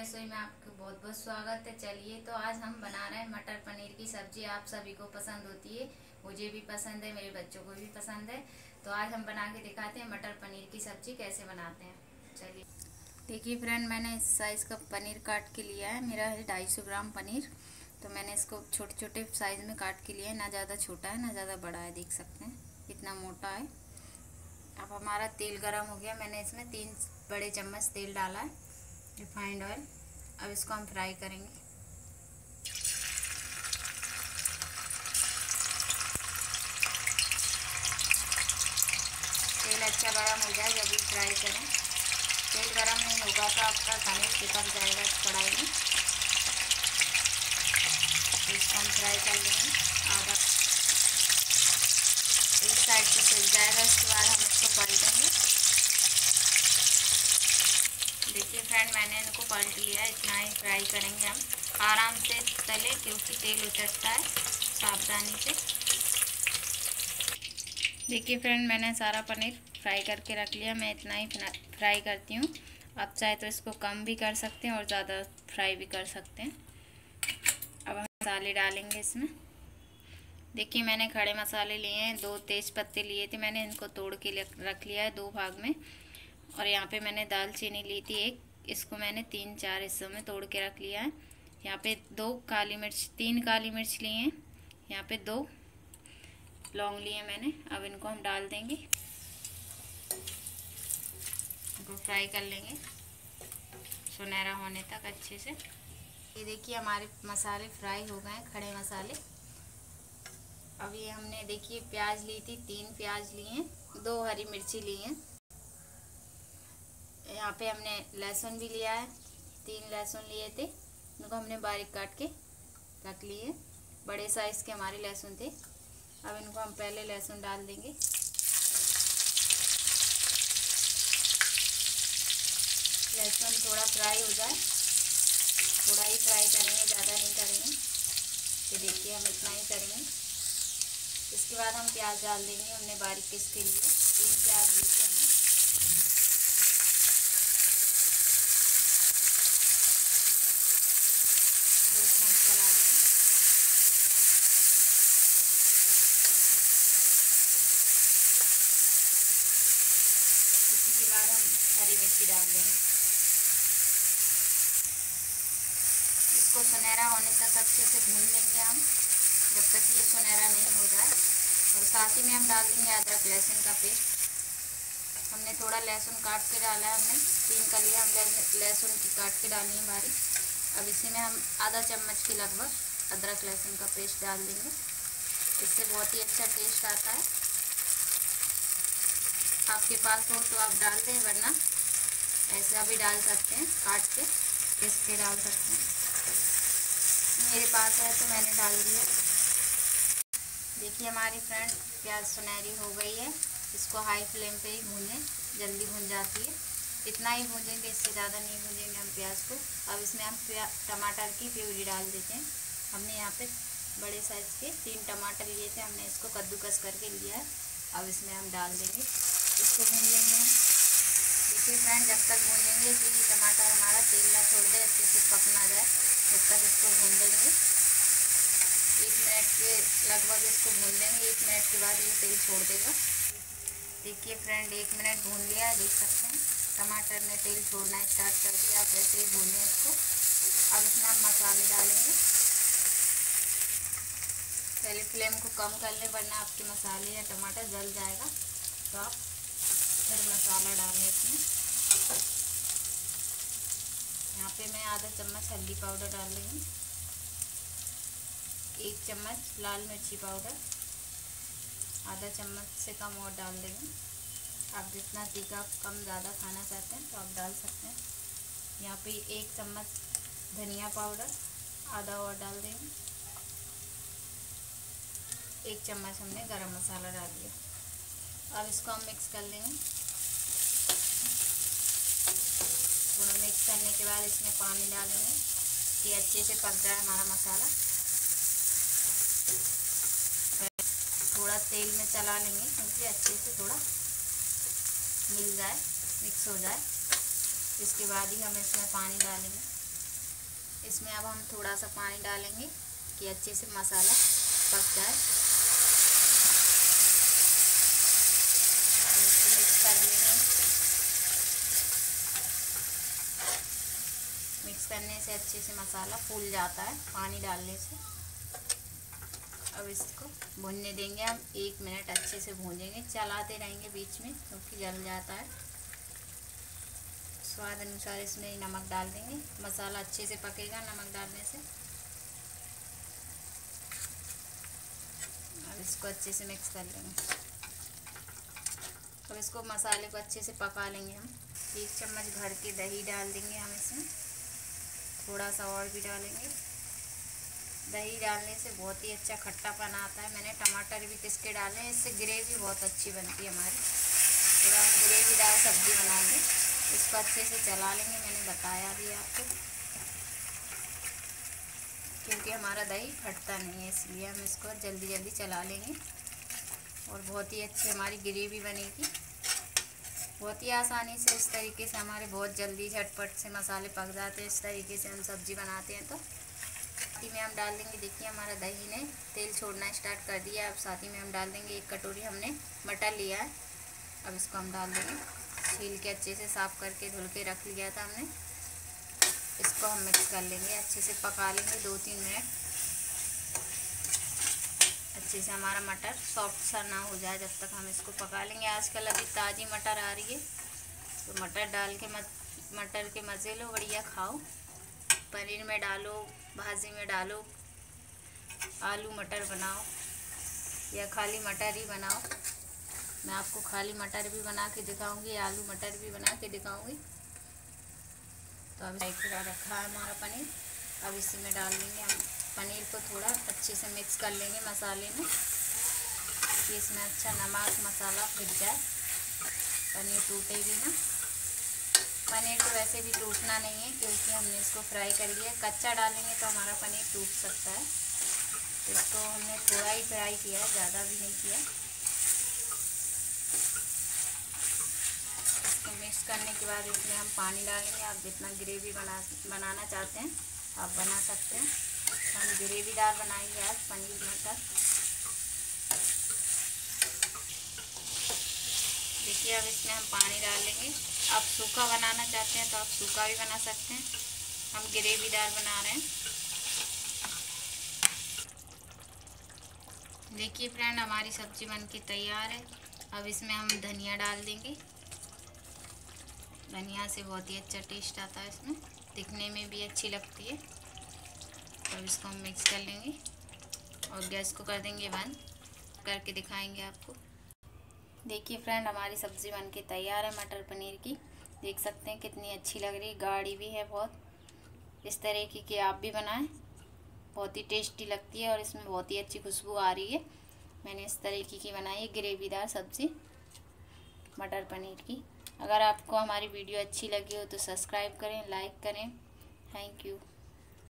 रसोई में आपका बहुत बहुत स्वागत है चलिए तो आज हम बना रहे हैं मटर पनीर की सब्जी आप सभी को पसंद होती है मुझे भी पसंद है मेरे बच्चों को भी पसंद है तो आज हम बना के दिखाते हैं मटर पनीर की सब्जी कैसे बनाते हैं चलिए देखिए फ्रेंड मैंने इस साइज़ का पनीर काट के लिया है मेरा है ढाई सौ ग्राम पनीर तो मैंने इसको छोटे छोटे साइज़ में काट के लिया है ना ज़्यादा छोटा है ना ज़्यादा बड़ा है देख सकते हैं इतना मोटा है अब हमारा तेल गरम हो गया मैंने इसमें तीन बड़े चम्मच तेल डाला है रिफाइंड ऑयल अब इसको हम फ्राई करेंगे तेल अच्छा गर्म हो जाए जब भी फ्राई करें तेल गर्म नहीं होगा तो आपका पनीर चिपक जाएगा कढ़ाई में तो इसको हम फ्राई कर लेंगे आधा एक साइड से सिल जाएगा उसके बाद हम इसको पलटेंगे देखिए फ्रेंड मैंने इनको पलट लिया इतना ही फ्राई करेंगे हम आराम से तले क्योंकि तेल उतरता है सावधानी से देखिए फ्रेंड मैंने सारा पनीर फ्राई करके रख लिया मैं इतना ही फ्राई करती हूँ आप चाहे तो इसको कम भी कर सकते हैं और ज़्यादा फ्राई भी कर सकते हैं अब हम मसाले डालेंगे इसमें देखिए मैंने खड़े मसाले लिए हैं दो तेज़ पत्ते लिए थे मैंने इनको तोड़ के रख लिया है दो भाग में और यहाँ पे मैंने दालचीनी ली थी एक इसको मैंने तीन चार हिस्सों में तोड़ के रख लिया है यहाँ पे दो काली मिर्च तीन काली मिर्च लिए हैं यहाँ पे दो लौंग लिए मैंने अब इनको हम डाल देंगे इनको फ्राई कर लेंगे सुनहरा होने तक अच्छे से ये देखिए हमारे मसाले फ्राई हो गए हैं खड़े मसाले अब ये हमने देखिए प्याज ली थी तीन प्याज लिए हैं दो हरी मिर्ची ली हैं यहाँ पे हमने लहसुन भी लिया है तीन लहसुन लिए थे उनको हमने बारीक काट के रख लिए बड़े साइज़ के हमारे लहसुन थे अब इनको हम पहले लहसुन डाल देंगे लहसुन थोड़ा फ्राई हो जाए थोड़ा ही फ्राई करेंगे ज़्यादा नहीं करेंगे तो देखिए हम इतना ही करेंगे इसके बाद हम प्याज डाल देंगे हमने बारीक किसके लिए तीन प्याज लिए हमने उसके बाद हम हरी मिर्ची डाल देंगे इसको सुनहरा होने तक अच्छे से भून लेंगे हम जब तक ये सुनहरा नहीं हो जाए और साथ ही में हम डाल देंगे अदरक लहसुन का पेस्ट हमने थोड़ा लहसुन काट के डाला है हमने तीन कलियाँ हम लहसुन की काट के डाली है बारी अब इसी में हम आधा चम्मच के लगभग अदरक लहसुन का पेस्ट डाल देंगे इससे बहुत ही अच्छा टेस्ट आता है आपके पास हो तो आप डाल दें वरना ऐसा भी डाल सकते हैं काट के पीस के डाल सकते हैं मेरे पास है तो मैंने डाल दिया देखिए हमारी फ्रेंड प्याज सुनहरी हो गई है इसको हाई फ्लेम पे ही भूनें जल्दी भून जाती है इतना ही भूनेंगे इससे ज़्यादा नहीं भूनेंगे हम प्याज को अब इसमें हम टमाटर की प्यूरी डाल देते हैं हमने यहाँ पे बड़े साइज़ के तीन टमाटर लिए थे हमने इसको कद्दूकस करके लिया है अब इसमें हम डाल देंगे इसको भून लेंगे देखिए फ्रेंड जब तक भूनेंगे कि टमाटर हमारा तेल ना छोड़ दे अच्छे से पक ना जाए तब तक इसको भून लेंगे एक मिनट के लगभग इसको भून लेंगे एक मिनट के बाद ये तेल छोड़ देगा देखिए फ्रेंड एक मिनट भून लिया देख सकते हैं टमाटर ने तेल छोड़ना स्टार्ट कर दिया आप ऐसे ही भूनें इसको अब इसमें हम मसाले डालेंगे पहले फ्लेम को कम कर लें वरना आपके मसाले या टमाटर जल जाएगा तो आप फिर मसाला डालें इसमें यहाँ पे मैं आधा चम्मच हल्दी पाउडर डाल रही हूँ एक चम्मच लाल मिर्ची पाउडर आधा चम्मच से कम और डाल रही हूँ आप जितना तीखा कम ज़्यादा खाना चाहते हैं तो आप डाल सकते हैं यहाँ पे एक चम्मच धनिया पाउडर आधा और डाल देंगे एक चम्मच हमने गरम मसाला डाल दिया अब इसको हम मिक्स कर लेंगे मिक्स करने के बाद इसमें पानी डाल कि अच्छे से पक जाए हमारा मसाला थोड़ा तेल में चला लेंगे क्योंकि अच्छे से थोड़ा मिल जाए मिक्स हो जाए इसके बाद ही हम इसमें पानी डालेंगे इसमें अब हम थोड़ा सा पानी डालेंगे कि अच्छे से मसाला पक जाए से अच्छे से मसाला फूल जाता है पानी डालने से अब इसको भूनने देंगे हम एक मिनट अच्छे से भूनेंगे चलाते रहेंगे बीच में क्योंकि जल जाता है स्वाद अनुसार इसमें नमक डाल देंगे मसाला अच्छे से पकेगा नमक डालने से अब इसको अच्छे से मिक्स कर लेंगे अब इसको मसाले को अच्छे से पका लेंगे हम एक चम्मच भर के दही डाल देंगे हम इसमें थोड़ा सा और भी डालेंगे दही डालने से बहुत ही अच्छा खट्टापन आता है मैंने टमाटर भी किसके डाले हैं इससे ग्रेवी बहुत अच्छी बनती है हमारी थोड़ा हम डाल सब्ज़ी बनाएंगे इसको अच्छे से चला लेंगे मैंने बताया भी आपको क्योंकि हमारा दही फटता नहीं है इसलिए हम इसको जल्दी जल्दी चला लेंगे और बहुत ही अच्छी हमारी ग्रेवी बनेगी बहुत ही आसानी से इस तरीके से हमारे बहुत जल्दी झटपट से मसाले पक जाते हैं इस तरीके से हम सब्ज़ी बनाते हैं तो साथ में हम डाल देंगे देखिए हमारा दही ने तेल छोड़ना स्टार्ट कर दिया अब साथ ही में हम डाल देंगे एक कटोरी हमने मटर लिया है अब इसको हम डाल देंगे छील के अच्छे से साफ़ करके धुल के रख लिया था हमने इसको हम मिक्स कर लेंगे अच्छे से पका लेंगे दो तीन मिनट अच्छे से हमारा मटर सॉफ्ट सा ना हो जाए जब तक हम इसको पका लेंगे आजकल अभी ताज़ी मटर आ रही है तो मटर डाल के मत मटर के मज़े लो बढ़िया खाओ पनीर में डालो भाजी में डालो आलू मटर बनाओ या खाली मटर ही बनाओ मैं आपको खाली मटर भी बना के दिखाऊंगी आलू मटर भी बना के दिखाऊंगी तो अभी रखा है हमारा पनीर अब इसी में डाल देंगे हम पनीर को थोड़ा अच्छे से मिक्स कर लेंगे मसाले में कि इसमें अच्छा नमक मसाला फिट जाए पनीर टूटे भी ना पनीर तो वैसे भी टूटना नहीं है क्योंकि हमने इसको फ्राई कर लिया कच्चा डालेंगे तो हमारा पनीर टूट सकता है इसको हमने थोड़ा ही फ्राई किया है ज़्यादा भी नहीं किया इसको मिक्स करने के बाद इसमें हम पानी डालेंगे आप जितना ग्रेवी बना बनाना चाहते हैं आप बना सकते हैं हम हम ग्रेवीदार बनाएंगे आज पनीर मटर देखिए अब इसमें हम पानी डाल लेंगे आप सूखा बनाना चाहते हैं तो आप सूखा भी बना सकते हैं हम ग्रेवीदार बना रहे हैं देखिए फ्रेंड हमारी सब्जी बनके तैयार है अब इसमें हम धनिया डाल देंगे धनिया से बहुत ही अच्छा टेस्ट आता है इसमें दिखने में भी अच्छी लगती है अब इसको हम मिक्स कर लेंगे और गैस को कर देंगे बंद करके दिखाएंगे आपको देखिए फ्रेंड हमारी सब्ज़ी बन के तैयार है मटर पनीर की देख सकते हैं कितनी अच्छी लग रही है गाढ़ी भी है बहुत इस तरह की कि आप भी बनाएं बहुत ही टेस्टी लगती है और इसमें बहुत ही अच्छी खुशबू आ रही है मैंने इस तरीके की बनाई है ग्रेवीदार सब्ज़ी मटर पनीर की अगर आपको हमारी वीडियो अच्छी लगी हो तो सब्सक्राइब करें लाइक करें थैंक यू